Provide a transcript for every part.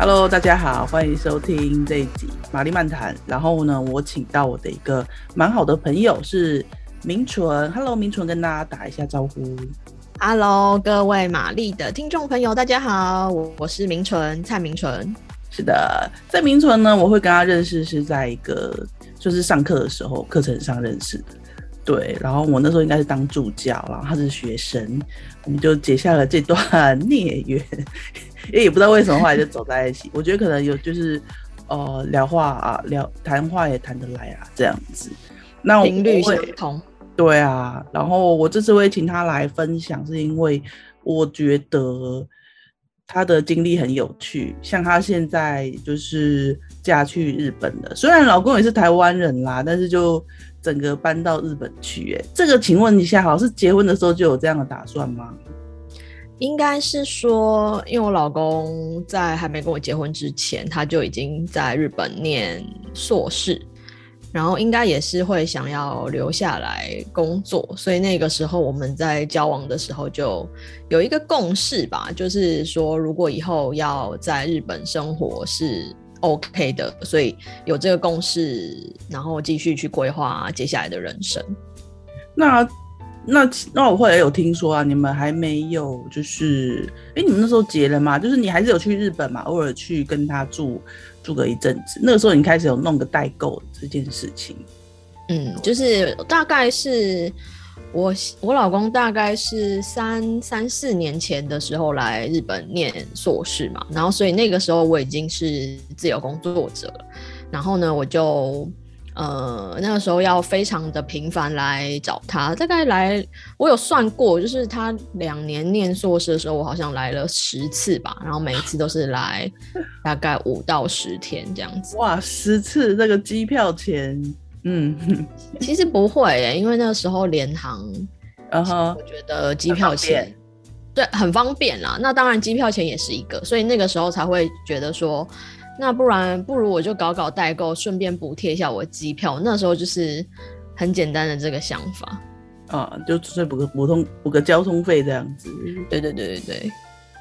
Hello，大家好，歡迎收聽這一集馬力漫談。然後呢，我請到我的一個蠻好的朋友是明淳。Hello，明淳，跟大家打一下招呼。Hello，各位馬力的聽眾朋友，大家好，我是明淳，蔡明淳。是的，在明淳呢，我會跟他認識是在一個就是上課的時候課程上認識的。對，然後我那時候應該是當助教，然後他是學生，我們就結下了這段孽緣。也不知道為什麼後來就走在一起。 我覺得可能有就是，呃，聊話啊，聊談話也談得來啊，這樣子。頻率相同。對啊，然後我這次會請她來分享，是因為我覺得她的經歷很有趣。像她現在就是嫁去日本了，雖然老公也是台灣人啦，但是就整個搬到日本去，欸。哎，這個請問一下好，好是結婚的時候就有這樣的打算嗎？應該是說，因為我老公在還沒跟我結婚之前，他就已經在日本念碩士，然後應該也是會想要留下來工作，所以那個時候我們在交往的時候就有一個共識吧，就是說如果以後要在日本生活是 OK 的，所以有這個共識，然後繼續去規劃接下來的人生。那。那那我後來有聽說啊，你們還沒有就是，哎、欸，你們那時候結了嗎？就是你還是有去日本嘛，偶爾去跟他住住個一陣子。那個時候你開始有弄個代購這件事情。嗯，就是大概是我我老公大概是三三四年前的時候來日本念碩士嘛，然後所以那個時候我已經是自由工作者了，然後呢我就。呃，那個時候要非常的頻繁來找他，大概來我有算過，就是他兩年念碩士的時候，我好像來了十次吧，然後每一次都是來大概五到十天這樣子。哇，十次這、那個機票錢，嗯，其實不會、欸，因為那個時候聯航，然、uh、後 -huh，我覺得機票錢對很方便啦。那當然機票錢也是一個，所以那個時候才會覺得說。那不然不如我就搞搞代購，順便補貼一下我的機票。那時候就是很簡單的這個想法，嗯、啊，就是補個普通補個交通費這樣子。對、嗯、對對對對。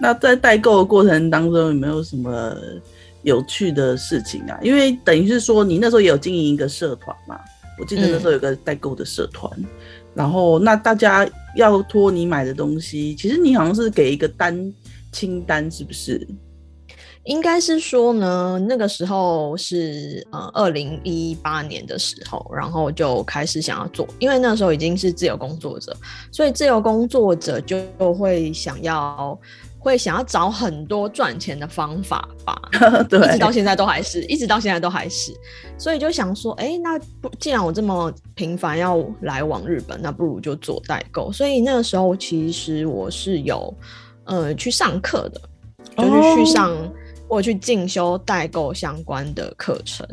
那在代購的過程當中有沒有什麼有趣的事情啊？因為等於是說你那時候也有經營一個社團嘛，我記得那時候有個代購的社團、嗯，然後那大家要托你買的東西，其實你好像是給一個單清單，是不是？應該是說呢，那個時候是呃二零一八年的時候，然後就開始想要做，因為那時候已經是自由工作者，所以自由工作者就會想要會想要找很多賺錢的方法吧。 對，一直到現在都還是，一直到現在都還是，所以就想說，哎、欸，那不既然我這麼頻繁要來往日本，那不如就做代購。所以那個時候其實我是有呃去上課的，就是去上。Oh. 我去進修代購相關的課程，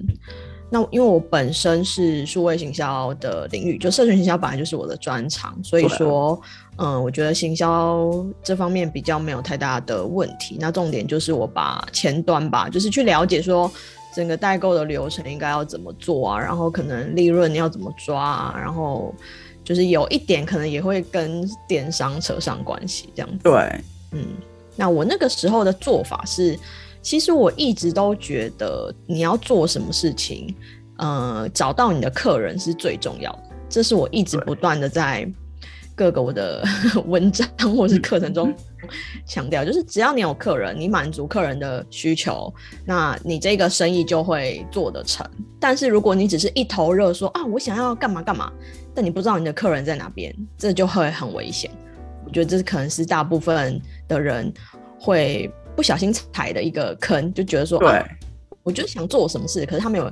那因為我本身是數位行銷的領域，就社群行銷本來就是我的專長，所以說，嗯，嗯，我覺得行銷這方面比較沒有太大的問題。那重點就是我把前端吧，就是去了解說整個代購的流程應該要怎麼做啊，然後可能利潤要怎麼抓啊，然後就是有一點可能也會跟電商扯上關係這樣子。對，嗯，那我那個時候的做法是。其實我一直都覺得，你要做什麼事情，呃，找到你的客人是最重要的。這是我一直不斷的在各個我的文章或是課程中強調，就是只要你有客人，你滿足客人的需求，那你這個生意就會做得成。但是如果你只是一頭熱說，啊，我想要幹嘛幹嘛，但你不知道你的客人在哪邊，這就會很危險。我覺得這可能是大部分的人會。不小心踩的一個坑，就覺得說、啊，對，我就想做什麼事，可是他沒有，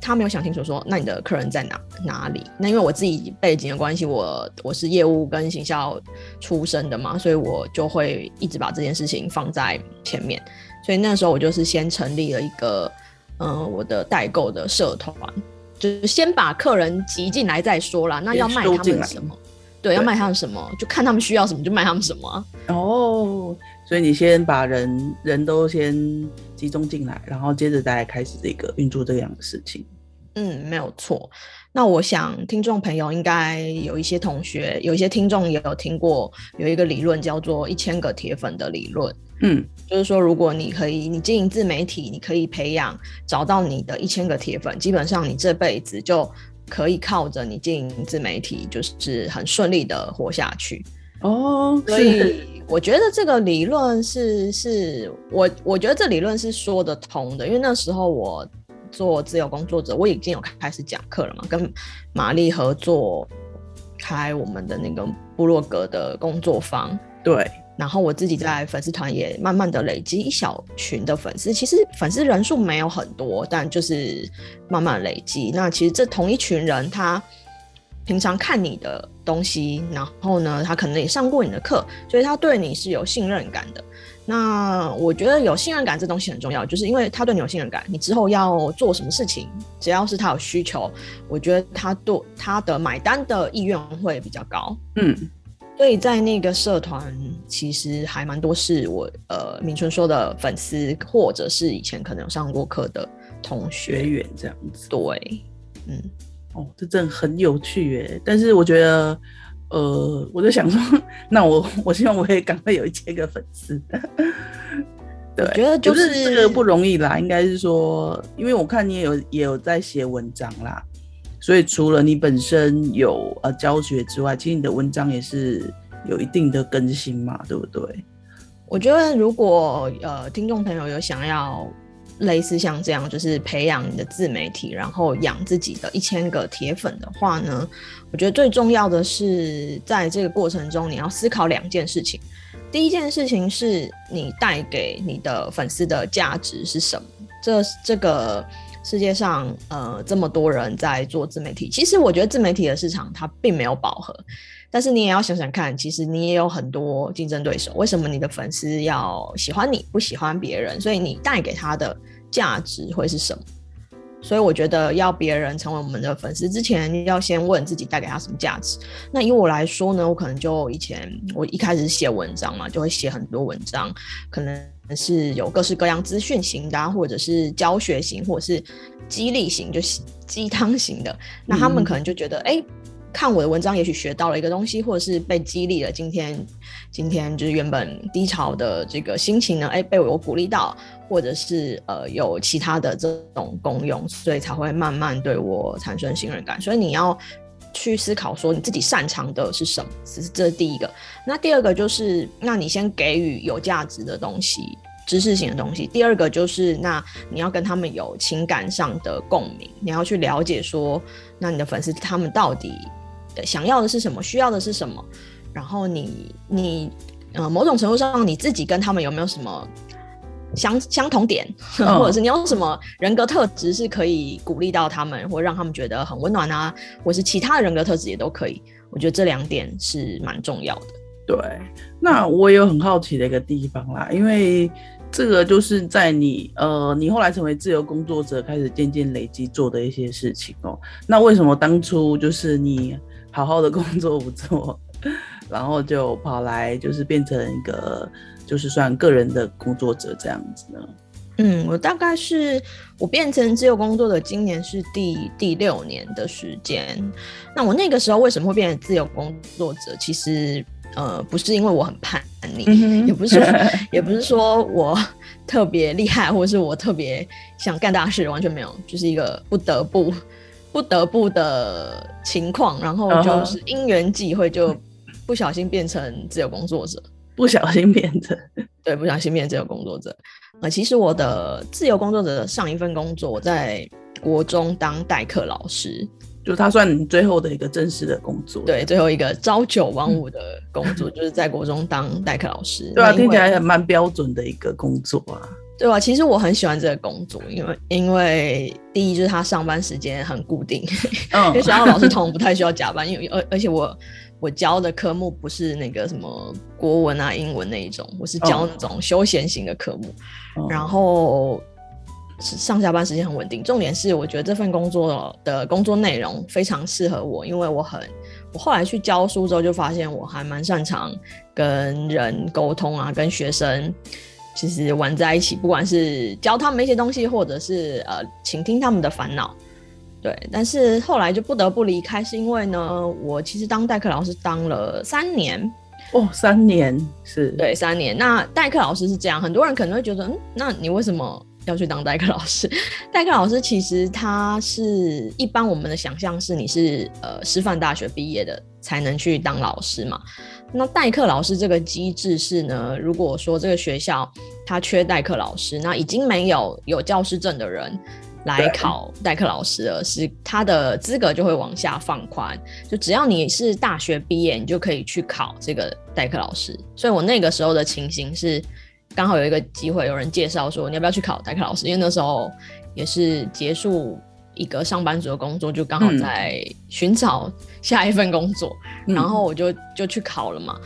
他沒有想清楚說，那你的客人在哪哪裡？那因為我自己背景的關係，我我是業務跟行銷出身的嘛，所以我就會一直把這件事情放在前面。所以那時候我就是先成立了一個，嗯、呃，我的代購的社團，就是先把客人集進來再說啦。那要賣他們什麼？對，要賣他們什麼？就看他們需要什麼，就賣他們什麼。哦、oh。所以你先把人人都先集中進來，然後接着再開始這個運作這樣的事情。嗯，沒有錯。那我想聽眾朋友應該有一些同學，有一些聽眾也有聽過有一個理論叫做一千個鐵粉的理論。嗯，就是說如果你可以，你經營自媒體，你可以培養找到你的一千個鐵粉，基本上你這輩子就可以靠着你經營自媒體，就是很順利的活下去。哦、oh,，所以我覺得這個理論是是,是，我我覺得這個理論是說得通的，因為那時候我做自由工作者，我已經有開始講課了嘛，跟馬力合作開我們的那個部落格的工作坊，對，然後我自己在粉絲團也慢慢的累積一小群的粉絲，其實粉絲人數沒有很多，但就是慢慢累積，那其實這同一群人他。平常看你的東西，然後呢，他可能也上過你的課，所以他對你是有信任感的。那我覺得有信任感這東西很重要，就是因為他對你有信任感，你之後要做什麼事情，只要是他有需求，我覺得他對他的買單的意願會比較高。嗯，所以在那個社團，其實還蠻多是我呃明淳說的粉絲，或者是以前可能有上過課的同學員這樣子。對，嗯。哦，這真的很有趣耶。但是我覺得，呃，我就想說，那我我希望我也趕快有一千個粉絲。 對，覺得就是、是這個不容易啦，應該是說，因為我看你也有也有在寫文章啦，所以除了你本身有呃教學之外，其實你的文章也是有一定的更新嘛，對不對？我覺得如果呃聽眾朋友有想要。類似像這樣，就是培養你的自媒體，然後養自己的一千個鐵粉的話呢，我覺得最重要的是在這個過程中你要思考兩件事情。第一件事情是你帶給你的粉絲的價值是什麼？這這個。世界上，呃，這麼多人在做自媒體，其實我覺得自媒體的市場它並沒有飽和，但是你也要想想看，其實你也有很多競爭對手，為什麼你的粉絲要喜歡你，不喜歡別人？所以你帶給他的價值會是什麼？所以我覺得要別人成為我們的粉絲之前，要先問自己帶給他什麼價值。那以我來說呢，我可能就以前我一開始寫文章嘛，就會寫很多文章，可能。是有各式各樣資訊型的、啊，或者是教學型，或者是激勵型，就是雞湯型的。那他們可能就覺得，哎、嗯欸，看我的文章，也許學到了一個東西，或者是被激勵了。今天，今天就是原本低潮的這個心情呢，誒、欸，被我鼓勵到，或者是呃有其他的這種功用，所以才會慢慢對我產生信任感。所以你要。去思考說你自己擅長的是什麼，這是這是第一個。那第二個就是，那你先給予有價值的東西，知識型的東西。第二個就是，那你要跟他們有情感上的共鳴，你要去了解說，那你的粉絲他們到底想要的是什麼，需要的是什麼。然後你你呃，某種程度上你自己跟他們有沒有什麼？相相同點，或者是你有什麼人格特質是可以鼓勵到他們，嗯、或讓他們覺得很溫暖啊，或是其他的人格特質也都可以。我覺得這兩點是蠻重要的。對，那我也有很好奇的一個地方啦，因為這個就是在你呃，你後來成為自由工作者，開始漸漸累積做的一些事情哦、喔。那為什麼當初就是你好好的工作不做，然後就跑來就是變成一個？就是算個人的工作者這樣子呢？嗯，我大概是我變成自由工作的今年是第第六年的時間。那我那個時候為什麼會變成自由工作者？其實呃，不是因為我很叛逆，嗯、也不是 也不是說我特別厲害，或是我特別想幹大事，完全沒有，就是一個不得不不得不的情況。然後就是因緣際會，就不小心變成自由工作者。不小心變成，對，不小心變成自由工作者。呃，其實我的自由工作者的上一份工作在國中當代課老師，就他算最後的一個正式的工作，對，最後一個朝九晚五的工作，就是在國中當代課老師。 對啊，聽起來很蠻標準的一個工作啊。對啊，其實我很喜歡這個工作，因為因為第一就是他上班時間很固定，嗯， 因為學校老師通常不太需要加班，因為而而且我。我教的科目不是那個什麼國文啊、英文那一種，我是教那種休閒型的科目。Oh. 然後是上下班時間很穩定，重點是我覺得這份工作的工作內容非常適合我，因為我很我後來去教書之後就發現我還蠻擅長跟人溝通啊，跟學生其實玩在一起，不管是教他們一些東西，或者是呃傾聽他們的煩惱。對，但是後來就不得不離開，是因為呢，我其實當代課老師當了三年，哦，三年，是。對，三年。那代課老師是這樣，很多人可能會覺得，嗯，那你為什麼要去當代課老師？代課老師其實他是，一般我們的想象是你是，呃，師範大學畢業的，才能去當老師嘛。那代課老師這個機制是呢，如果說這個學校它缺代課老師，那已經沒有有教師證的人。來考代課老師的是他的資格就會往下放寬，就只要你是大學畢業，你就可以去考這個代課老師。所以我那個時候的情形是，剛好有一個機會，有人介紹說，你要不要去考代課老師？因為那時候也是結束一個上班族的工作，就剛好在尋找下一份工作，嗯，然後我就就去考了嘛。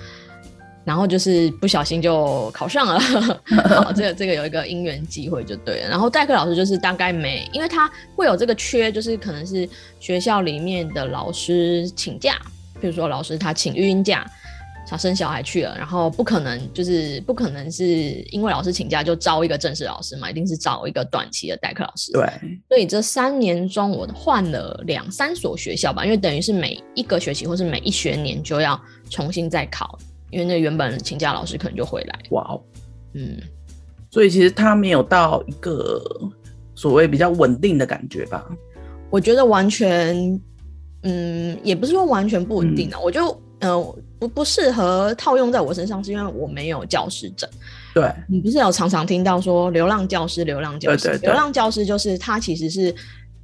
然後就是不小心就考上了， 這個這個有一個因緣機會就對了。然後代課老師就是大概沒，因為他會有這個缺，就是可能是學校裡面的老師請假，比如說老師他請育嬰假，他生小孩去了，然後不可能就是不可能是因為老師請假就招一個正式老師嘛，一定是找一個短期的代課老師。對，所以這三年中我換了兩三所學校吧，因為等於是每一個學期或是每一學年就要重新再考。因為那原本的請假老師可能就回來。哇哦，嗯，所以其實他沒有到一個所謂比較穩定的感覺吧？我覺得完全，嗯，也不是說完全不穩定啊、嗯。我就呃不不適合套用在我身上，是因為我沒有教師證。對，你不是有常常聽到說流浪教師，流浪教師，對對對、流浪教師、流浪教師，就是他其實是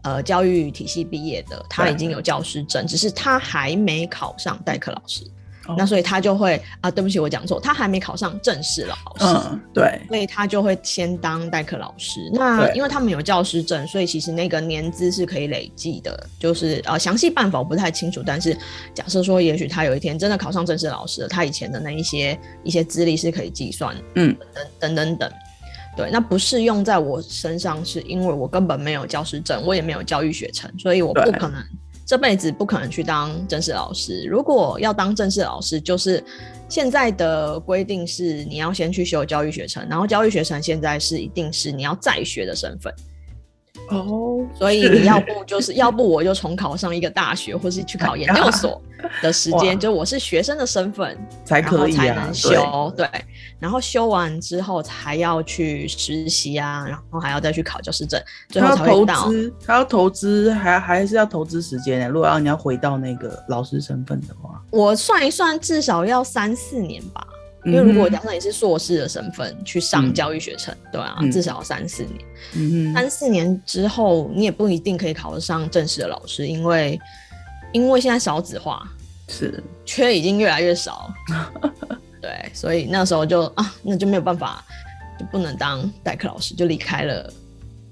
呃教育體系畢業的，他已經有教師證，只是他還沒考上代課老師。那所以他就會啊、呃，對不起，我講錯，他還沒考上正式老師。嗯、對。所以他就會先當代課老師。那因為他們有教師證，所以其實那個年資是可以累計的。就是呃，詳細辦法我不太清楚，但是假設說，也許他有一天真的考上正式老師了，他以前的那一些一些資歷是可以計算的。嗯，等等等等。對，那不是用在我身上，是因為我根本沒有教師證，我也沒有教育學程，所以我不可能。這輩子不可能去當正式老師。如果要當正式老師，就是現在的規定是你要先去修教育學程，然後教育學程現在是一定是你要在學的身份。哦、oh，所以你要不就是要不我就重考上一個大學，或是去考研究所的時間， 就我是學生的身份才可以，啊、才能修對，對，然後修完之後才要去實習啊，然後還要再去考教師證，最後才會還要投資，投還還是要投資時間呢、欸。如果要你要回到那個老師身份的話，我算一算，至少要三四年吧。因為如果加上你是碩士的身份、嗯、去上教育學程，對啊，嗯、至少三四年。嗯，三四年之後你也不一定可以考得上正式的老師，因為因為現在少子化是缺已經越來越少。 對，所以那時候就啊，那就沒有辦法，就不能當代課老師，就離開了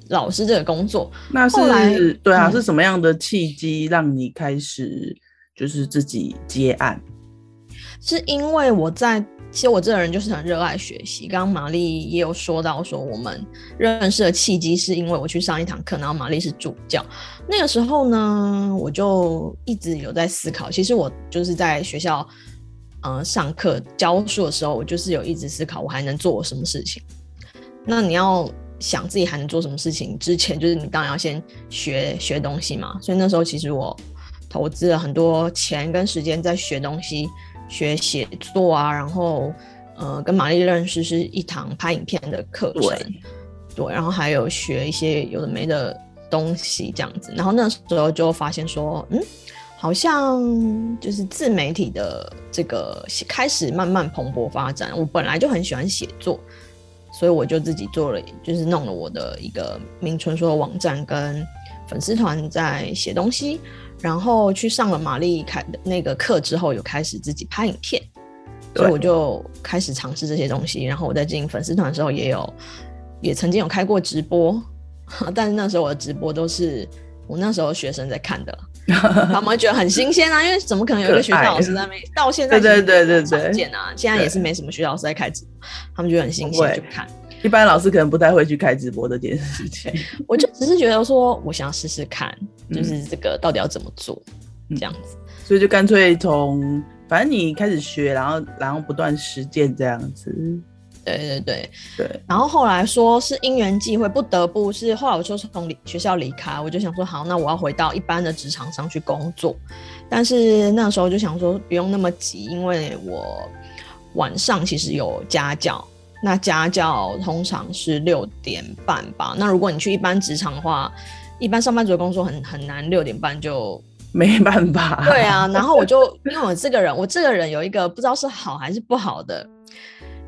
老師這個工作。那是後來對啊、嗯，是什麼樣的契機讓你開始就是自己接案？是因為我在。其實我這個人就是很熱愛學習。剛剛瑪麗也有說到，說我們認識的契機是因為我去上一堂課，然後瑪麗是助教。那個時候呢，我就一直有在思考。其實我就是在學校，呃，上課教書的時候，我就是有一直思考我還能做什麼事情。那你要想自己還能做什麼事情，之前就是你當然要先學學東西嘛。所以那時候其實我投資了很多錢跟時間在學東西。學寫作啊，然後，呃，跟馬力認識是一堂拍影片的課程，對，對，然後還有學一些有的沒的東西這樣子，然後那時候就發現說，嗯，好像就是自媒體的這個開始慢慢蓬勃發展。我本來就很喜歡寫作，所以我就自己做了，就是弄了我的一個明淳說的網站跟粉絲團，在寫東西。然後去上了馬力開的那個課之後，有開始自己拍影片，所以我就開始嘗試這些東西。然後我在經營粉絲團的時候，也有也曾經有開過直播哈，但是那時候我的直播都是我那時候學生在看的。 他們會覺得很新鮮啊，因為怎麼可能有一個學校老師在那邊？到現在還是少見、啊、對對對對現在也是沒什麼學校老師在開直播，他們覺得很新鮮就看。一般老師可能不太會去開直播這件事情。我就只是覺得說，我想要試試看、嗯，就是這個到底要怎麼做、嗯、這樣子，所以就乾脆從反正你開始學，然後然後不斷實踐這樣子。對對對對，然後後來說是因緣際會，不得不是。後來我就是從離學校離開，我就想說，好，那我要回到一般的職場上去工作。但是那時候就想說，不用那麼急，因為我晚上其實有家教，那家教通常是六點半吧。那如果你去一般職場的話，一般上班族的工作很很難，六點半就沒辦法啊。對啊，然後我就 因為我這個人，我這個人有一個不知道是好還是不好的。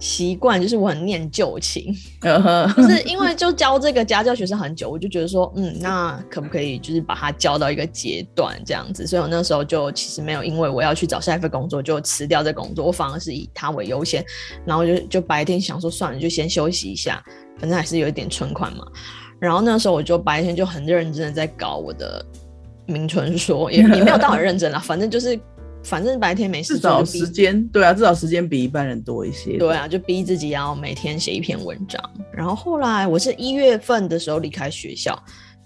習慣就是我很念舊情， 是因為就教這個家教學生很久，我就覺得說，嗯，那可不可以就是把他教到一個階段這樣子？所以，我那時候就其實沒有，因為我要去找下一份工作就辭掉這個工作，我反而是以他為優先，然後就就白天想說，算了，就先休息一下，反正還是有一點存款嘛。然後那時候我就白天就很認真的在搞我的明淳說，也也沒有到很認真啦， 反正就是。反正白天沒事，至少時間對啊，至少時間比一般人多一些。對啊，就逼自己要每天寫一篇文章。然後後來我是一月份的時候離開學校，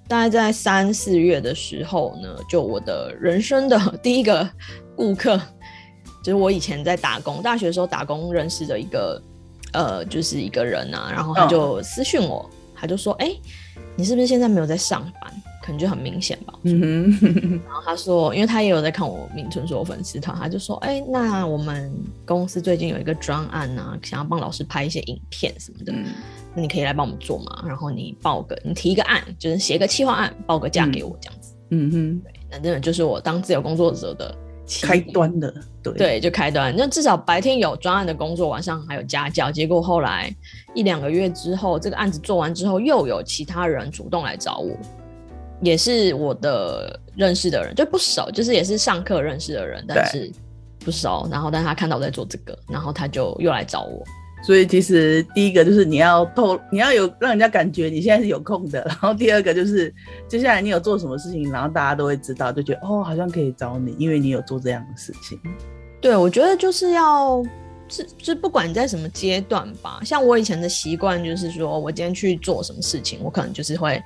大概在三四月的時候呢，就我的人生的第一個顧客，就是我以前在打工，大學的時候打工認識的一個呃，就是一個人啊。然後他就私訊我，他就說：“哎、欸，你是不是現在沒有在上班？”可能就很明顯吧。嗯哼，然後他說，因為他也有在看我明淳說粉絲，他他就說，哎、欸，那我們公司最近有一個專案啊，想要幫老師拍一些影片什麼的，嗯、那你可以來幫我們做嘛。然後你報個，你提一個案，就是寫一個企劃案，報個價給我這樣子。嗯，嗯哼，對，那真的就是我當自由工作者的企開端的，對對，就開端。那至少白天有專案的工作，晚上還有家教。結果後來一兩個月之後，這個案子做完之後，又有其他人主動來找我。也是我的認識的人，就不熟，就是也是上課認識的人，但是不熟。然後，但他看到我在做這個，然後他就又來找我。所以，其實第一個就是你要透，你要有讓人家感覺你現在是有空的。然後，第二個就是接下來你有做什麼事情，然後大家都會知道，就覺得哦，好像可以找你，因為你有做這樣的事情。對，我覺得就是要，是，是不管你在什麼階段吧。像我以前的習慣就是說，我今天去做什麼事情，我可能就是會。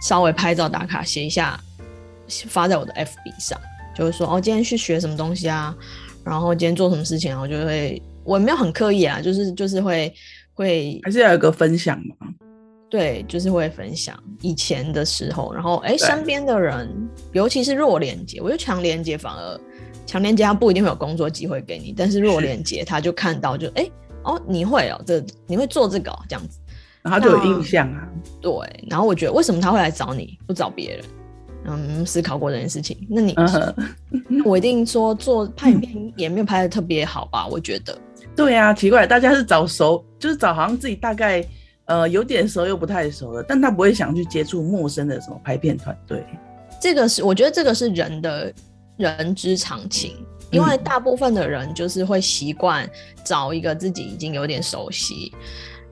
稍微拍照打卡，寫一下，發在我的 FB 上，就是說哦，今天去學什麼東西啊，然後今天做什麼事情啊，我就會，我沒有很刻意啊，就是就是會會，還是要有一個分享嘛？對，就是會分享。以前的時候，然後哎，身邊的人，尤其是弱連接，我覺得強連接反而，強連接他不一定會有工作機會給你，但是弱連接他就看到就哎哦，你會哦，這你會做這個哦，這樣子。然後就有印象啊，對。然後我覺得為什麼他會來找你不找別人？嗯，思考過這件事情。那你，嗯、我一定說做拍片也沒有拍得特別好吧？我覺得，對呀，啊，奇怪，大家是找熟，就是找好像自己大概呃有點熟又不太熟的，但他不會想去接觸陌生的什麼拍片團隊。這個是我覺得這個是人的人之常情，因為大部分的人就是會習慣找一個自己已經有點熟悉。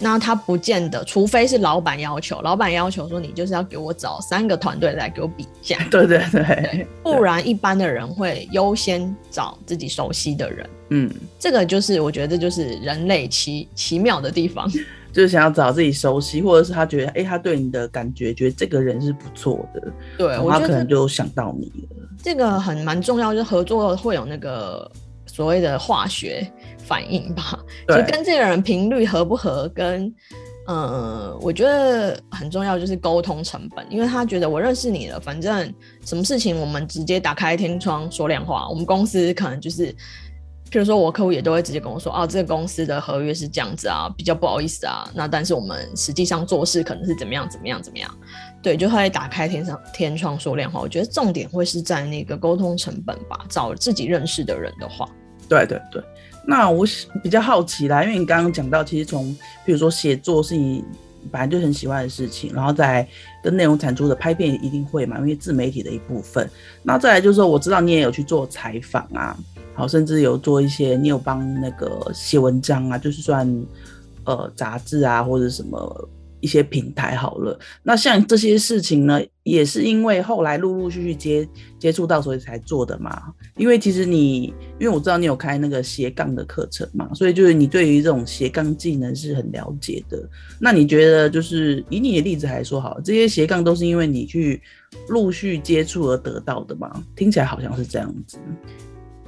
那他不見得，除非是老闆要求，老闆要求說，你就是要給我找三個團隊來給我比價。對對對，對，不然一般的人會優先找自己熟悉的人。嗯，這個就是我覺得就是人類奇奇妙的地方，就是想要找自己熟悉，或者是他覺得哎、欸，他對你的感覺，覺得這個人是不錯的，對，他可能就想到你了。就是、這個很蠻重要，就是合作會有那個所謂的化學。反應吧，就跟這個人頻率合不合，跟嗯、呃，我覺得很重要，就是溝通成本，因為他覺得我認識你了，反正什麼事情我們直接打開天窗說亮話。我們公司可能就是，譬如說我客戶也都會直接跟我說，哦，這個公司的合約是這樣子啊，比較不好意思啊。那但是我們實際上做事可能是怎麼樣怎麼樣怎麼樣，對，就會打開天窗天窗說亮話。我覺得重點會是在那個溝通成本吧。找自己認識的人的話，對對對。那我比較好奇啦，因為你剛剛講到，其實從比如說寫作是你本來就很喜歡的事情，然後再跟內容產出的拍片也一定會嘛，因為自媒體的一部分。那再來就是說，我知道你也有去做採訪啊，好，甚至有做一些你有幫那個寫文章啊，就是算呃雜誌啊或者什麼一些平台好了。那像這些事情呢？也是因為後來陸陸續續接接觸到，所以才做的嘛。因為其實你，因為我知道你有開那個斜槓的課程嘛，所以就是你對於這種斜槓技能是很了解的。那你覺得，就是以你的例子來說，好，這些斜槓都是因為你去陸續接觸而得到的嘛？聽起來好像是這樣子。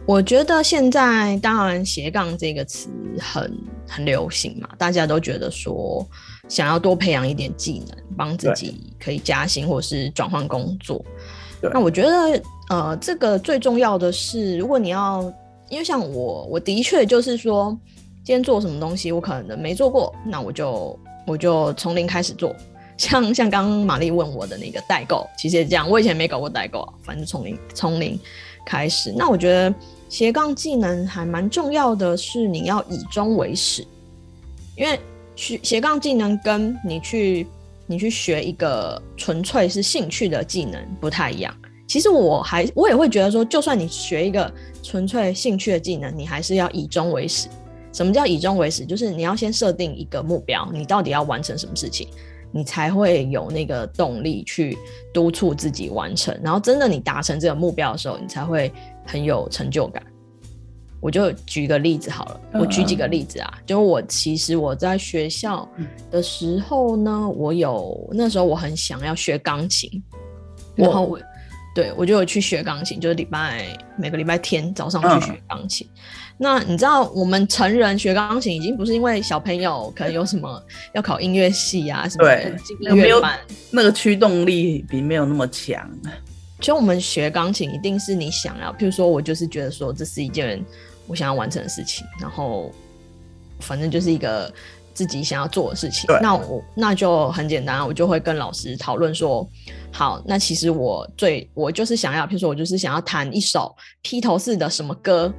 我覺得現在當然斜槓這個詞很很流行嘛，大家都覺得說想要多培養一點技能，幫自己可以加薪或是轉換工作。那我覺得呃，這個最重要的是，如果你要因為像我，我的確就是說，今天做什麼東西我可能都沒做過，那我就我就從零開始做。像像剛剛瑪麗問我的那個代購，其實也這樣，我以前沒搞過代購，反正從零從零。開始，那我覺得斜槓技能還蠻重要的，是你要以終為始，因為學斜槓技能跟你去你去學一個純粹是興趣的技能不太一樣。其實我還我也會覺得說，就算你學一個純粹興趣的技能，你還是要以終為始。什麼叫以終為始？就是你要先設定一個目標，你到底要完成什麼事情。你才會有那個動力去督促自己完成，然後真的你達成這個目標的時候，你才會很有成就感。我就舉個例子好了，我舉幾個例子啊，就我其實我在學校的時候呢，我有那時候我很想要學鋼琴，然後我、嗯、對我就有去學鋼琴，就是禮拜每個禮拜天早上去學鋼琴。那你知道，我們成人學鋼琴已經不是因為小朋友可能有什麼要考音樂系啊什麼，對，沒有辦法，那個驅動力比沒有那麼強。其實我們學鋼琴一定是你想要，譬如說我就是覺得說這是一件我想要完成的事情，然後反正就是一個自己想要做的事情。那我那就很簡單，我就會跟老師討論說，好，那其實我最我就是想要，譬如說我就是想要彈一首披頭士的什麼歌。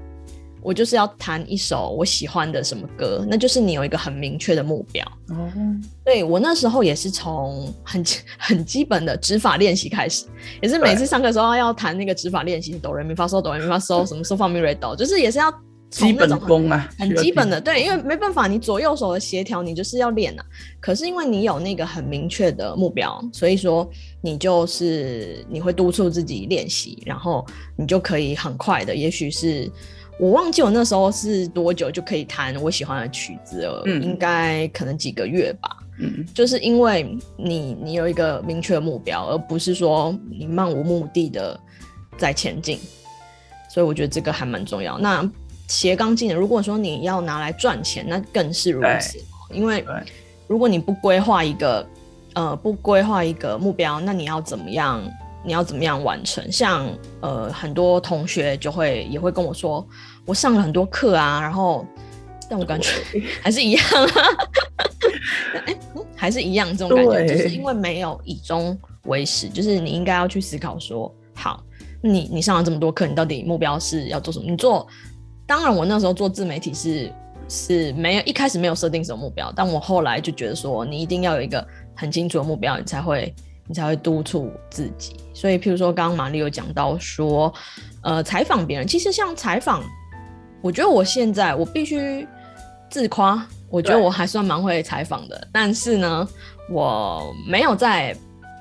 我就是要彈一首我喜歡的什麼歌，那就是你有一個很明確的目標。哦、嗯，對我那時候也是從很很基本的指法練習開始，也是每次上課時候要彈那個指法練習，哆來咪發嗦哆來咪發嗦什麼嗦發咪來哆，就是也是要基本功嘛，很基本的。對，因為沒辦法，你左右手的協調你就是要練吶、啊。可是因為你有那個很明確的目標，所以說你就是你會督促自己練習，然後你就可以很快的，也許是。我忘記我那時候是多久就可以彈我喜歡的曲子了，嗯、應該可能幾個月吧。嗯，就是因為你你有一個明確的目標，而不是說你漫無目的的在前進，所以我覺得這個還蠻重要。那學鋼琴，如果說你要拿來賺錢，那更是如此。因為如果你不規劃一個呃不規劃一個目標，那你要怎麼樣？你要怎麼樣完成？像呃很多同學就會也會跟我說。我上了很多課啊，然後，但我感覺還是一樣，啊，哎、 欸嗯，還是一樣這種感覺，就是因為沒有以終為始，就是你應該要去思考說，好，你你上了這麼多課，你到底目標是要做什麼？你做，當然我那時候做自媒體是是沒有一開始沒有設定什麼目標，但我後來就覺得說，你一定要有一個很清楚的目標，你才會你才會督促自己。所以，譬如說，剛剛馬力有講到說，呃，採訪別人，其實像採訪。我覺得我現在我必須自誇，我覺得我還算蠻會採訪的。但是呢，我沒有在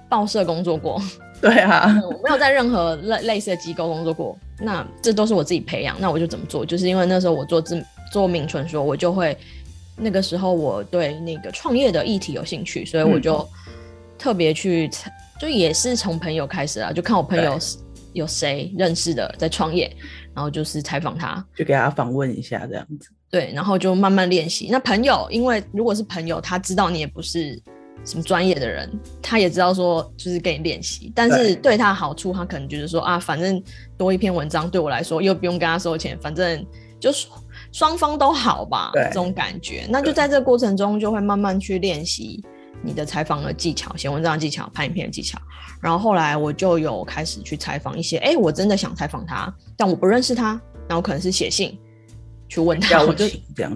報社工作過。對啊，嗯、我沒有在任何類類似的機構工作過。那這都是我自己培養。那我就怎麼做？就是因為那時候我做自做明淳說，我就會那個時候我對那個創業的議題有興趣，所以我就特別去、嗯、就也是從朋友開始啊，就看我朋友有誰認識的在創業。然後就是採訪他，就給他訪問一下這樣子。對，然後就慢慢練習。那朋友，因為如果是朋友，他知道你也不是什麼專業的人，他也知道說就是給你練習，但是對他的好處，他可能覺得說啊，反正多一篇文章對我來說又不用跟他收錢，反正就是雙方都好吧，這種感覺。那就在這個過程中就會慢慢去練習。你的採訪的技巧、寫文章的技巧、拍影片的技巧，然後後來我就有開始去採訪一些，哎、欸，我真的想採訪他，但我不認識他，那我可能是寫信去問他，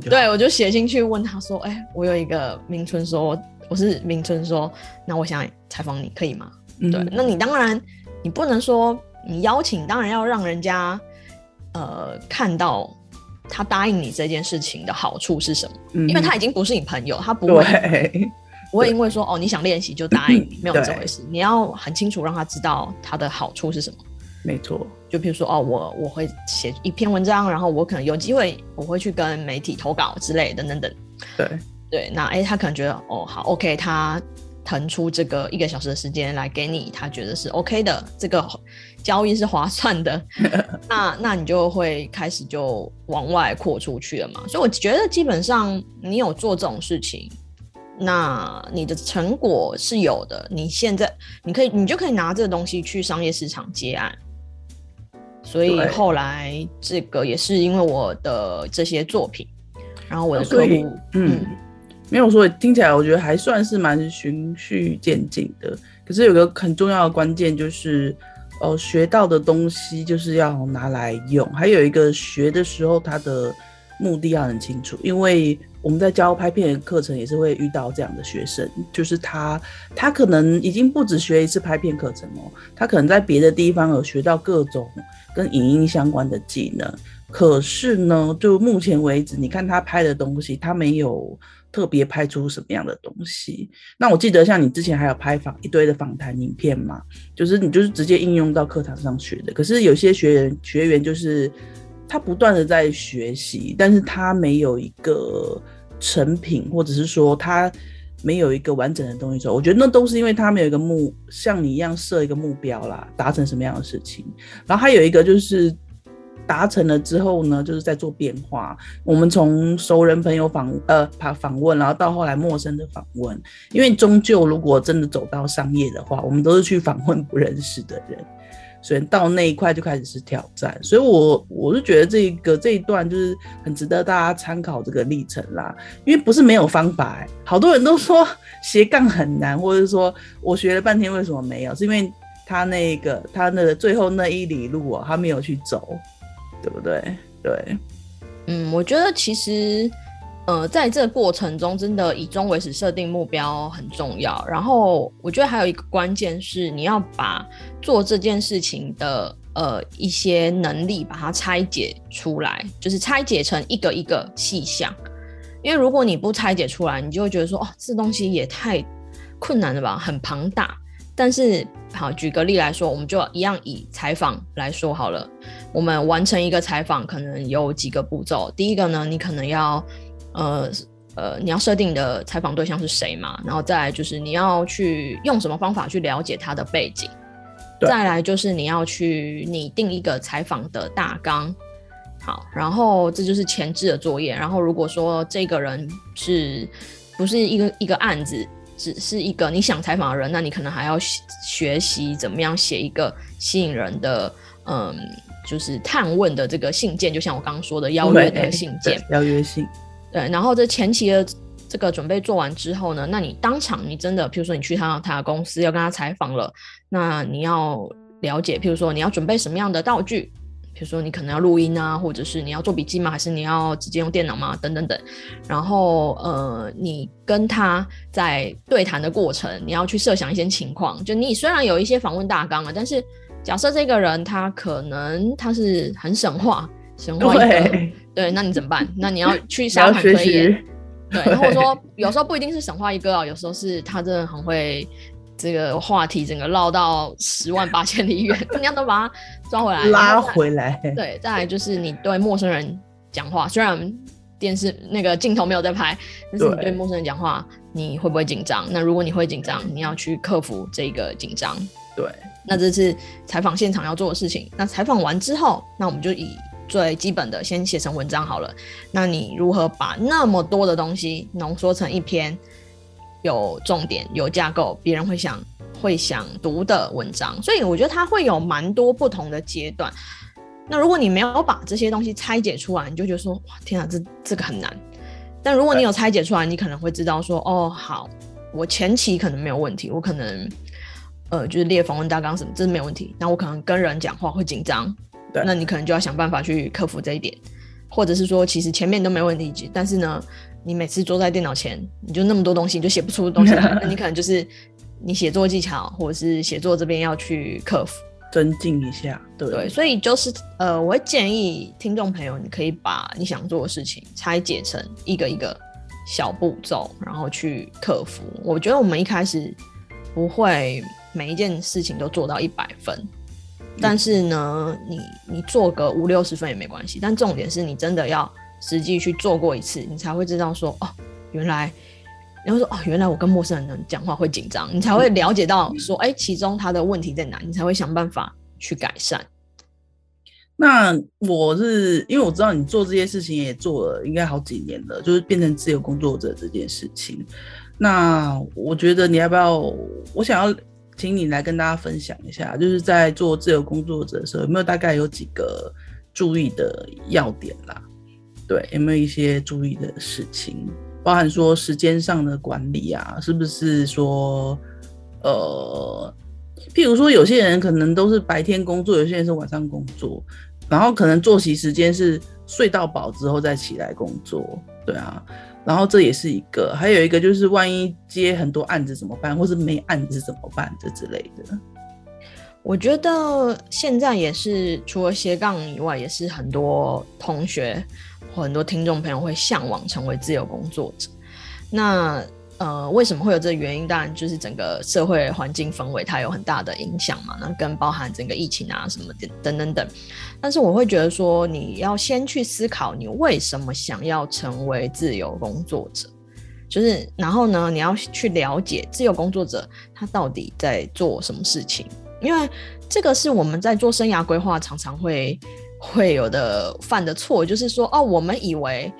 對，我就寫信去問他說，哎、欸，我有一個明淳說，我是明淳說，那我想採訪你可以嗎、嗯？對，那你當然你不能說你邀請，當然要讓人家呃看到他答應你這件事情的好處是什麼？嗯、因為他已經不是你朋友，他不會。不會因為說哦你想練習就答應你沒有這回事，你要很清楚讓他知道他的好處是什麼。沒錯，就譬如說哦我我會寫一篇文章，然後我可能有機會我會去跟媒體投稿之類等等等。對對，那哎、欸、他可能覺得哦好 OK，他騰出這個一個小時的時間來給你，他覺得是 OK 的，這個交易是划算的。 那那你就會開始就往外擴出去了嘛？所以我覺得基本上你有做這種事情。那你的成果是有的，你現在你可以，你就可以拿這個東西去商業市場接案。所以後來這個也是因為我的這些作品，然後我的客戶，嗯，嗯，沒有說聽起來，我覺得還算是蠻循序漸進的。可是有個很重要的關鍵就是，呃，學到的東西就是要拿來用。還有一個學的時候，它的目的要很清楚，因為。我們在教拍片的課程也是會遇到這樣的學生，就是他，他可能已經不止學一次拍片課程哦，他可能在別的地方有學到各種跟影音相關的技能，可是呢，就目前為止，你看他拍的東西，他沒有特別拍出什麼樣的東西。那我記得像你之前還有拍訪一堆的訪談影片嘛，就是你就是直接應用到課堂上學的，可是有些學員學員就是。他不斷的在學習，但是他沒有一個成品，或者是說他沒有一個完整的東西出來。我覺得那都是因為他沒有一個目，像你一樣設一個目標啦，達成什麼樣的事情。然後還有一個就是達成了之後呢，就是在做變化。我們從熟人朋友訪呃、訪訪問，然後到後來陌生的訪問，因為終究如果真的走到商業的話，我們都是去訪問不認識的人。所以到那一塊就開始是挑戰，所以我我是覺得這一個這一段就是很值得大家參考這個歷程啦，因為不是沒有方法欸，好多人都說斜槓很難，或者說我學了半天為什麼沒有，是因為他那個他那個最後那一里路啊，他沒有去走，對不對？對，嗯，我覺得其實。呃，在這過程中，真的以終為始設定目標很重要。然後，我覺得還有一個關鍵是，你要把做這件事情的呃一些能力把它拆解出來，就是拆解成一個一個細項。因為如果你不拆解出來，你就會覺得說，哦，這東西也太困難了吧，很龐大。但是，好，舉個例來說，我們就一樣以採訪來說好了。我們完成一個採訪，可能有幾個步驟。第一個呢，你可能要。呃呃，你要設定的採訪對象是誰嘛？然後再來就是你要去用什麼方法去了解他的背景，再來就是你要去擬定一個採訪的大綱。好，然後這就是前置的作業。然後如果說這個人是不是一個一個案子，只是一個你想採訪的人，那你可能還要學習怎麼樣寫一個吸引人的嗯，就是探問的這個信件，就像我剛剛說的邀約的信件，邀約信。對，然後這前期的這個準備做完之後呢，那你當場你真的，比如說你去他他的公司要跟他採訪了，那你要了解，譬如說你要準備什麼樣的道具，比如說你可能要錄音啊，或者是你要做筆記嗎？還是你要直接用電腦嗎？等等等。然後呃，你跟他在對談的過程，你要去設想一些情況，就你雖然有一些訪問大綱了啊，但是假設這個人他可能他是很省話。神話對，對，那你怎麼辦？那你要去下盤可以。對，然後說，有時候不一定是神話一個啊、哦，有時候是他真的很會這個話題，整個繞到十萬八千里遠， 你要都把它抓回來，拉回來。對，再來就是你對陌生人講話，雖然電視那個鏡頭沒有在拍，但是你對陌生人講話，你會不會緊張？那如果你會緊張，你要去克服這個緊張。對，那這是採訪現場要做的事情。那採訪完之後，那我們就以。最基本的，先寫成文章好了。那你如何把那麼多的東西濃縮成一篇有重點、有架構、別人會想會想讀的文章？所以我覺得它會有蠻多不同的階段。那如果你沒有把這些東西拆解出來，你就覺得說，哇，天啊，這這個很難。但如果你有拆解出來，你可能會知道說，哦，好，我前期可能沒有問題，我可能呃就是列訪問大綱什麼，這是沒有問題。那我可能跟人講話會緊張。那你可能就要想辦法去克服這一點，或者是說，其實前面都沒問題，但是呢，你每次坐在電腦前，你就那麼多東西，你就寫不出的東西來， 那你可能就是你寫作技巧或者是寫作這邊要去克服、增進一下，對對，所以就是呃，我會建議聽眾朋友，你可以把你想做的事情拆解成一個一個小步驟，然後去克服。我覺得我們一開始不會每一件事情都做到一百分。但是呢，你你做個五六十分也沒關係。但重點是你真的要實際去做過一次，你才會知道說哦，原來，然後說哦，原來我跟陌生人講話會緊張，你才會了解到說，哎、欸，其中他的問題在哪，你才會想辦法去改善。那我是因為我知道你做這件事情也做了應該好幾年了，就是變成自由工作者這件事情。那我覺得你要不要？我想要。請你來跟大家分享一下，就是在做自由工作者的時候，有沒有大概有幾個注意的要點啦、啊，對，有沒有一些注意的事情，包含說時間上的管理啊，是不是說，呃，譬如說有些人可能都是白天工作，有些人是晚上工作，然後可能作息時間是睡到飽之後再起來工作，對啊。然後這也是一個，還有一個就是，萬一接很多案子怎麼辦，或是沒案子怎麼辦，這之類的。我覺得現在也是，除了斜槓以外，也是很多同學、很多聽眾朋友會嚮往成為自由工作者。那呃，為什麼會有這個原因？當然就是整個社會環境氛圍它有很大的影響嘛，那跟包含整個疫情啊什麼的等等等。但是我會覺得說，你要先去思考你為什麼想要成為自由工作者，就是然後呢，你要去了解自由工作者他到底在做什麼事情，因為這個是我們在做生涯規劃常常會會有的犯的錯，就是說哦，我們以為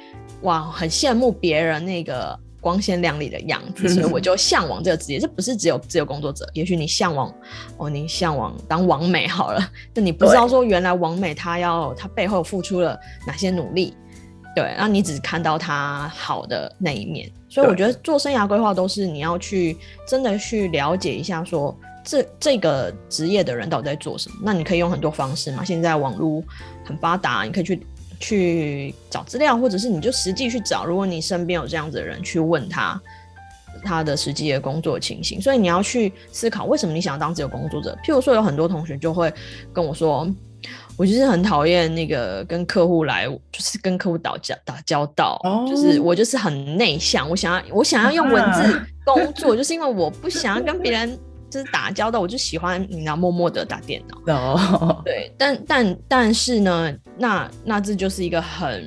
哇，很羨慕別人那個。光鮮亮麗的樣子，所以我就嚮往這個職業，嗯。這不是只有自由工作者，也許你嚮往，哦，你嚮往當網美好了，但你不知道說原來網美她要她背後付出了哪些努力。對，那你只看到她好的那一面。所以我覺得做生涯規劃都是你要去真的去了解一下說，說這這個職業的人到底在做什麼。那你可以用很多方式嘛，現在網絡很發達，你可以去。去找資料，或者是你就實際去找。如果你身邊有這樣子的人，去問他他的實際的工作情形。所以你要去思考，為什麼你想要當自由工作者？譬如說，有很多同學就會跟我說，我就是很討厭那個跟客戶來，就是跟客戶打交打交道，oh. 就是我就是很內向，我想要我想要用文字工作， 就是因為我不想要跟別人就是打交道，我就喜歡你要默默的打電腦。Oh. 對，但但但是呢？那那這就是一個很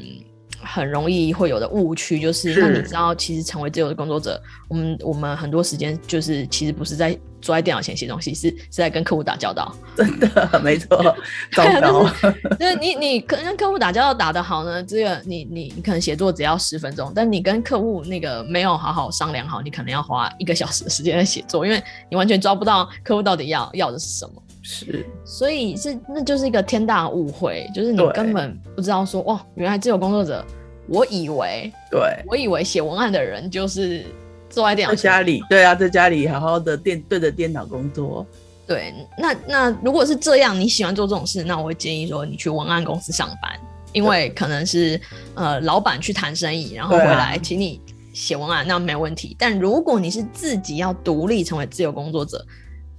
很容易會有的誤區，就是那你知道，其實成為自由的工作者，我們我們很多時間就是其實不是在坐在電腦前寫東西，是是在跟客戶打交道。真的，沒錯，打交道、 啊、你你跟跟客戶打交道打得好呢，這個你你你可能寫作只要十分鐘，但你跟客戶那個沒有好好商量好，你可能要花一個小時的時間在寫作，因為你完全抓不到客戶到底要要的是什麼。是，所以是，那就是一個天大的誤會，就是你根本不知道說，哇，原來自由工作者，我以為，對，我以為寫文案的人就是坐在電腦家裡，對啊，在家裡好好的電對着電腦工作，對，那那如果是這樣，你喜歡做這種事，那我會建議說你去文案公司上班，因為可能是呃老闆去談生意，然後回來請你寫文案，那沒問題。啊。但如果你是自己要獨立成為自由工作者，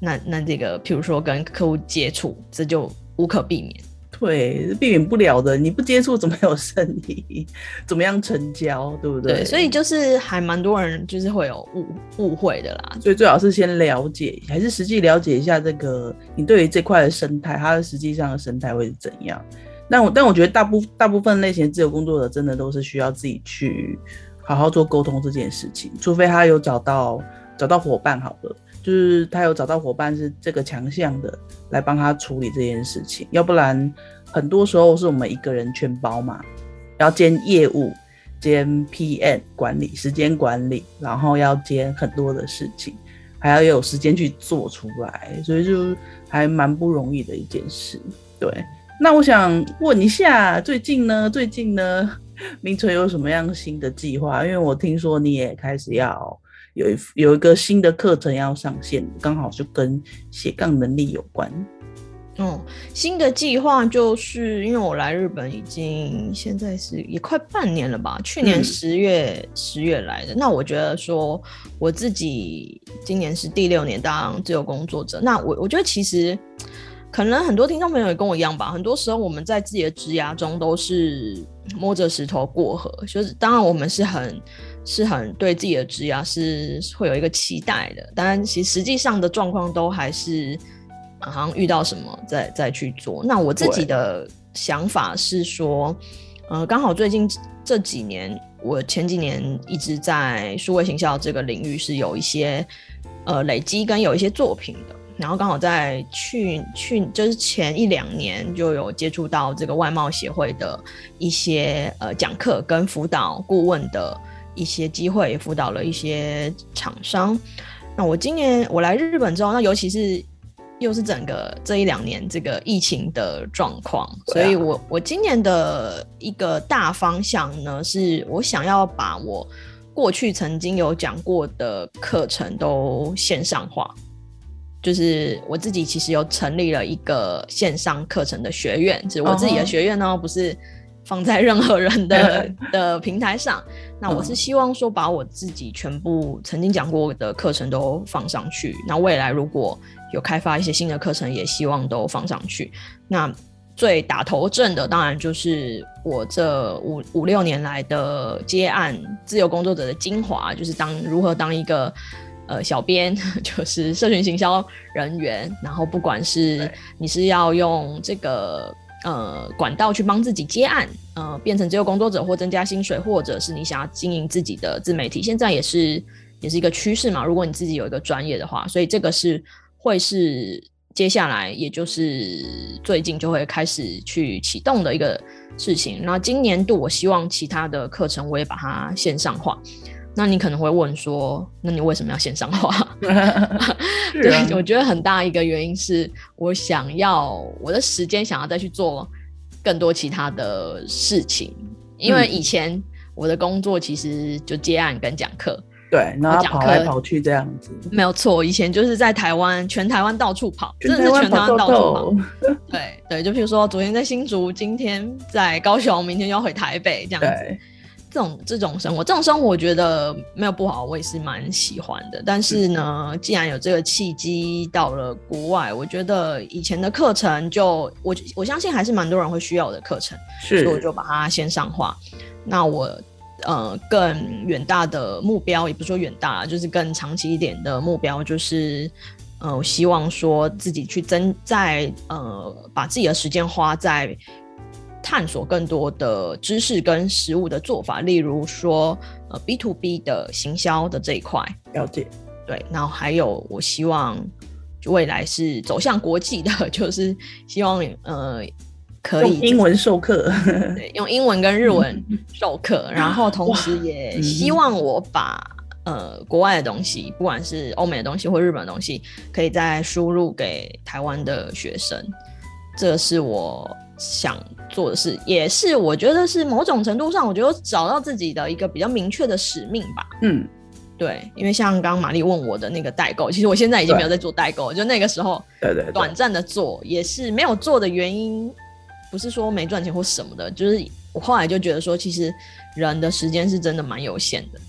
那那這個，譬如說跟客戶接觸，這就無可避免，對，避免不了的。你不接觸怎麼有生意？怎麼樣成交？對不對？對，所以就是還蠻多人就是會有誤誤會的啦。所以最好是先了解，還是實際了解一下這個你對於這塊的生態，它的實際上的生態會是怎樣？但我但我覺得大部大部分類型自由工作者真的都是需要自己去好好做溝通這件事情，除非他有找到找到夥伴好了，就是他有找到夥伴是這個強項的，來幫他處理這件事情。要不然，很多時候是我們一個人全包嘛，要兼業務、兼 PM 管理、時間管理，然後要兼很多的事情，還要有時間去做出來，所以就是還蠻不容易的一件事。對，那我想問一下，最近呢？最近呢，明淳有什麼樣新的計劃？因為我聽說你也開始要。有一有一個新的課程要上線，剛好就跟斜槓能力有關。嗯，新的計劃就是因為我來日本已經現在是也快半年了吧，去年十月、嗯、十月來的。那我覺得說我自己今年是第六年當自由工作者，那我我覺得其實。可能很多聽眾朋友也跟我一樣吧，很多時候我們在自己的職涯中都是摸着石頭過河，就是當然我們是很是很對自己的職涯是會有一個期待的，當然其實際上的狀況都還是好像遇到什麼再再去做。那我自己的想法是說，嗯呃，剛好最近這幾年，我前幾年一直在數位行銷這個領域是有一些呃累積跟有一些作品的。然後剛好在去去就是前一兩年就有接觸到這個外貿協會的一些呃講課跟輔導顧問的一些機會，輔導了一些廠商。那我今年我來日本之後，那尤其是又是整個這一兩年這個疫情的狀況，啊、所以我我今年的一個大方向呢，是我想要把我過去曾經有講過的課程都線上化。就是我自己，其實有成立了一個線上課程的學院，是我自己的學院呢，不是放在任何人的的平台上。那我是希望說，把我自己全部曾經講過的課程都放上去。那未來如果有開發一些新的課程，也希望都放上去。那最打頭陣的，當然就是我這五五六年來的接案自由工作者的精華，就是當如何當一個。呃，小編就是社群行銷人員，然後不管是你是要用這個呃管道，去幫自己接案，呃，變成自由工作者或增加薪水，或者是你想要經營自己的自媒體，現在也是也是一個趨勢嘛。如果你自己有一個專業的話，所以這個是會是接下來也就是最近就會開始去啟動的一個事情。那今年度我希望其他的課程，我也把它線上化。那你可能會問說，那你為什麼要線上化？ 是啊， 對，我覺得很大一個原因是，我想要我的時間想要再去做更多其他的事情，因為以前我的工作其實就接案跟講課，嗯，對，然後跑來跑去這樣子，沒有錯。以前就是在台灣，全台灣到處跑，跑透透透，真的是全台灣到處跑。對對，就比如說昨天在新竹，今天在高雄，明天要回台北這樣子。對這種這種生活，這種生活我覺得沒有不好，我也是蠻喜歡的。但是呢，是既然有這個契機到了國外，我覺得以前的課程就我，我相信還是蠻多人會需要我的課程，所以我就把它先上畫。那我呃更遠大的目標，也不說遠大，就是更長期一點的目標，就是呃我希望說自己去真在呃把自己的時間花在。探索更多的知識跟實務的做法，例如說，呃，B to B 的行銷的這一塊，了解。對，然後還有，我希望未來是走向國際的，就是希望你呃，可以英文授課，對，用英文跟日文授課， 然後同時也希望我把呃國外的東西，不管是歐美的東西或日本的東西，可以再輸入給台灣的學生，這是我。想做的事，也是我覺得是某種程度上，我覺得找到自己的一個比較明確的使命吧。嗯，對，因為像剛剛馬力問我的那個代購，其實我現在已經沒有在做代購了，就那個時候短暫的做對對對，也是沒有做的原因，不是說沒賺錢或什麼的，就是我後來就覺得說，其實人的時間是真的蠻有限的，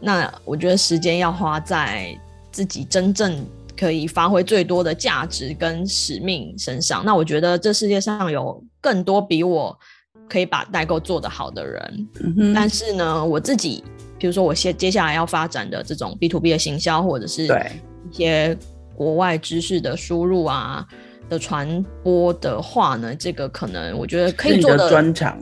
那我覺得時間要花在自己真正。可以發揮最多的價值跟使命身上。那我覺得這世界上有更多比我可以把代購做得好的人。嗯哼。但是呢，我自己，比如說我接接下來要發展的這種 B to B 的行銷，或者是對一些國外知識的輸入啊的傳播的話呢，這個可能我覺得可以做的專長，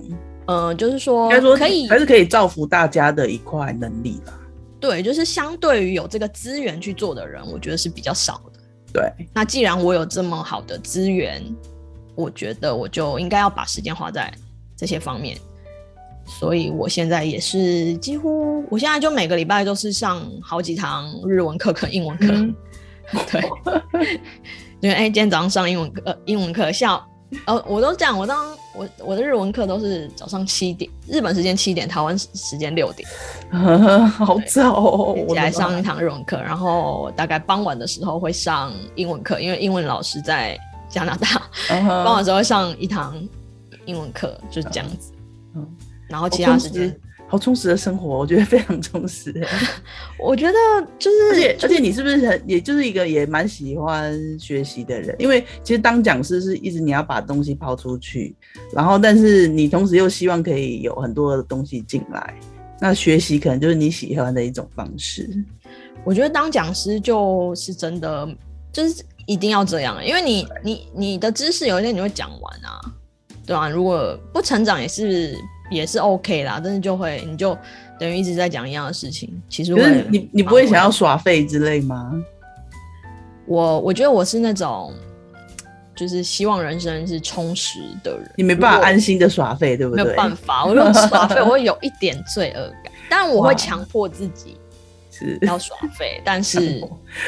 嗯、呃，就是說應該說可以說還是可以造福大家的一塊能力吧。對，就是相對於有這個資源去做的人，我覺得是比較少的。對，那既然我有這麼好的資源，我覺得我就應該要把時間花在這些方面。所以我現在也是幾乎，我現在就每個禮拜都是上好幾堂日文課和英文課。嗯、 對，因為哎，今天早上上英文課，呃、英文課 哦，我都這樣。我當我我的日文課都是早上七點，日本時間七點，台灣時間六點， 對 好早哦，我來上一堂日文課，然後大概傍晚的時候會上英文課，因為英文老師在加拿大， 傍晚的時候會上一堂英文課，就是這樣子，然後其他時間。 好充實的生活，我覺得非常充實。我覺得、就是、就是，而且你是不是很，也就是一個也蠻喜歡學習的人？因為其實當講師是一直你要把東西拋出去，然後但是你同時又希望可以有很多的東西進來。那學習可能就是你喜歡的一種方式。我覺得當講師就是真的，就是一定要這樣，因為你你你的知識有一天你會講完啊，對啊，如果不成長也是。也是 OK 啦，但是就會你就等於一直在講一樣的事情。其實我你你不會想要耍廢之類嗎？我我覺得我是那種，就是希望人生是充實的人。你沒辦法安心的耍廢，對不對？沒有辦法，我如果耍廢，我會有一點罪惡感。 但我會強迫自己。要耍廢，但是，是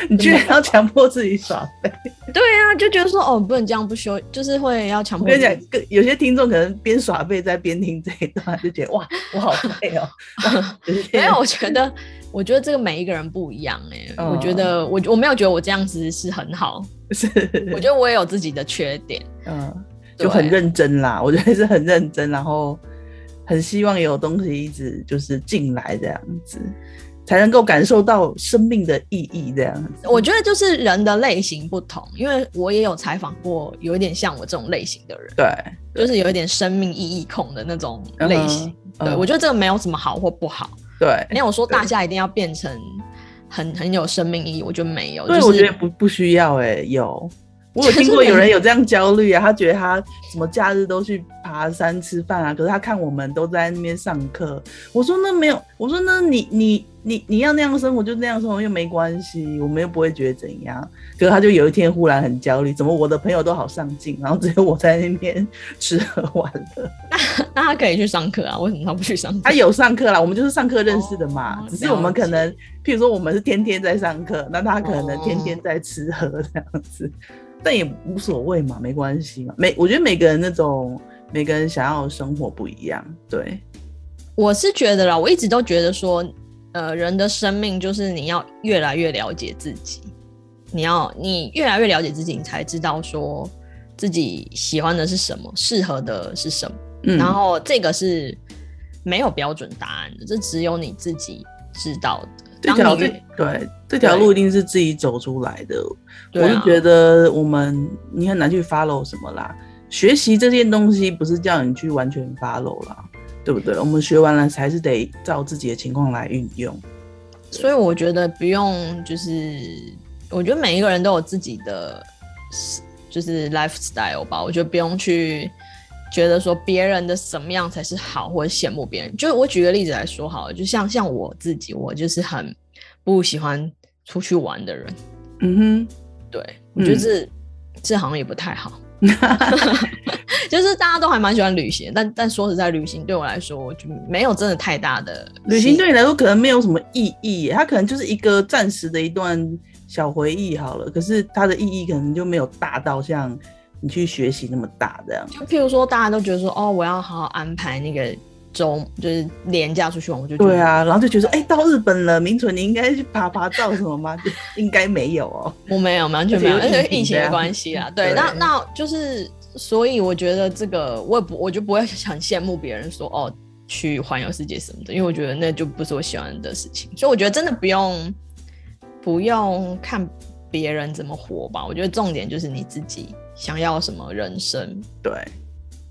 你居然要強迫自己耍廢？對呀、啊，就覺得說哦，不能這樣不修，就是會要強迫。我跟你講，有些聽眾可能邊耍廢在邊聽這一段，就覺得哇，我好累哦。 沒有，我覺得，我覺得這個每一個人不一樣哎、欸嗯。我覺得我我沒有覺得我這樣子是很好，是我覺得我也有自己的缺點，嗯，就很認真啦。我覺得是很認真，然後很希望有東西一直就是進來這樣子。才能夠感受到生命的意義，這樣。我覺得就是人的類型不同，因為我也有採訪過有一點像我這種類型的人，對，對就是有一點生命意義控的那種類型。Uh -huh, uh -huh. 對，我覺得這個沒有什麼好或不好，對。沒有說大家一定要變成很很有生命意義，我覺得沒有。就是，我覺得不不需要、欸，哎，有。我有聽過有人有這樣焦慮啊，他覺得他什麼假日都去爬山吃飯啊，可是他看我們都在那邊上課。我說那沒有，我說那你你你你要那樣生活就那樣生活，又沒關係，我們又不會覺得怎樣。可是他就有一天忽然很焦慮，怎麼我的朋友都好上進，然後只有我在那邊吃喝玩樂。那那他可以去上課啊？為什麼他不去上課？他有上課啦，我們就是上課認識的嘛、哦啊。只是我們可能，譬如說我們是天天在上課，那他可能天天在吃喝這樣子。但也無所謂嘛，沒關係嘛。每我覺得每個人那種，每個人想要的生活不一樣，對。我是覺得啦，我一直都覺得說，呃，人的生命就是你要越來越了解自己，你要你越來越了解自己，你才知道說自己喜歡的是什麼，適合的是什麼。嗯。然後這個是沒有標準答案的，這只有你自己知道的。這條路，對，這條路一定是自己走出來的。我是覺得我們你很難去 follow 什麼啦，學習這件東西不是叫你去完全 follow 啦，對不對？我們學完了還是得照自己的情況來運用。所以我覺得不用，就是我覺得每一個人都有自己的就是 lifestyle 吧。我覺得不用去。覺得說別人的什麼樣才是好，或者羨慕別人，就我舉個例子來說好了，就像像我自己，我就是很不喜歡出去玩的人。嗯哼，對，我覺得這、嗯、這好像也不太好， 就是大家都還蠻喜歡旅行，但但說實在，旅行對我來說，我就沒有真的太大的旅行對你來說可能沒有什麼意義，它可能就是一個暫時的一段小回憶好了，可是它的意義可能就沒有大到像。你去學習那麼大，這樣就譬如說，大家都覺得說，哦，我要好好安排那個周，就是連假出去玩，我就覺得對啊，然後就覺得說，哎、欸，到日本了，明淳，你應該去爬爬照什麼嗎？ 就應該沒有哦，我沒有，完全沒有，因為、啊、疫情的關係啊， 對，那那，那就是，所以我覺得這個，我也不，我就不會很羨慕別人說，哦，去環遊世界什麼的，因為我覺得那就不是我喜歡的事情，所以我覺得真的不用不用看別人怎麼活吧，我覺得重點就是你自己。想要什麼人生？對，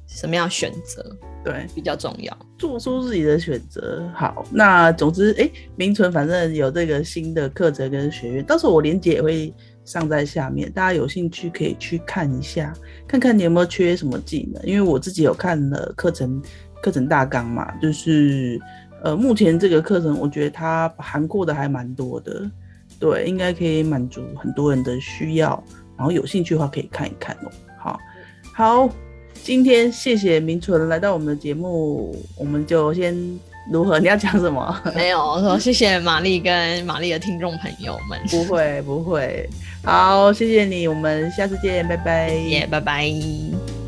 什麼樣選擇？對，比較重要，做出自己的選擇。好，那總之，哎、欸，明淳，反正有這個新的課程跟學院，到時候我鏈接也會上在下面，大家有興趣可以去看一下，看看你有沒有缺什麼技能。因為我自己有看了課程課程大綱嘛，就是呃，目前這個課程，我覺得它涵蓋的還蠻多的，對，應該可以滿足很多人的需要。然後有興趣的話可以看一看哦。好，好，今天謝謝明淳來到我們的節目，我們就先如何？你要講什麼？沒有，我說謝謝馬力跟馬力的聽眾朋友們。 不會不會，好，謝謝你，我們下次見，拜拜。Yeah, 拜拜。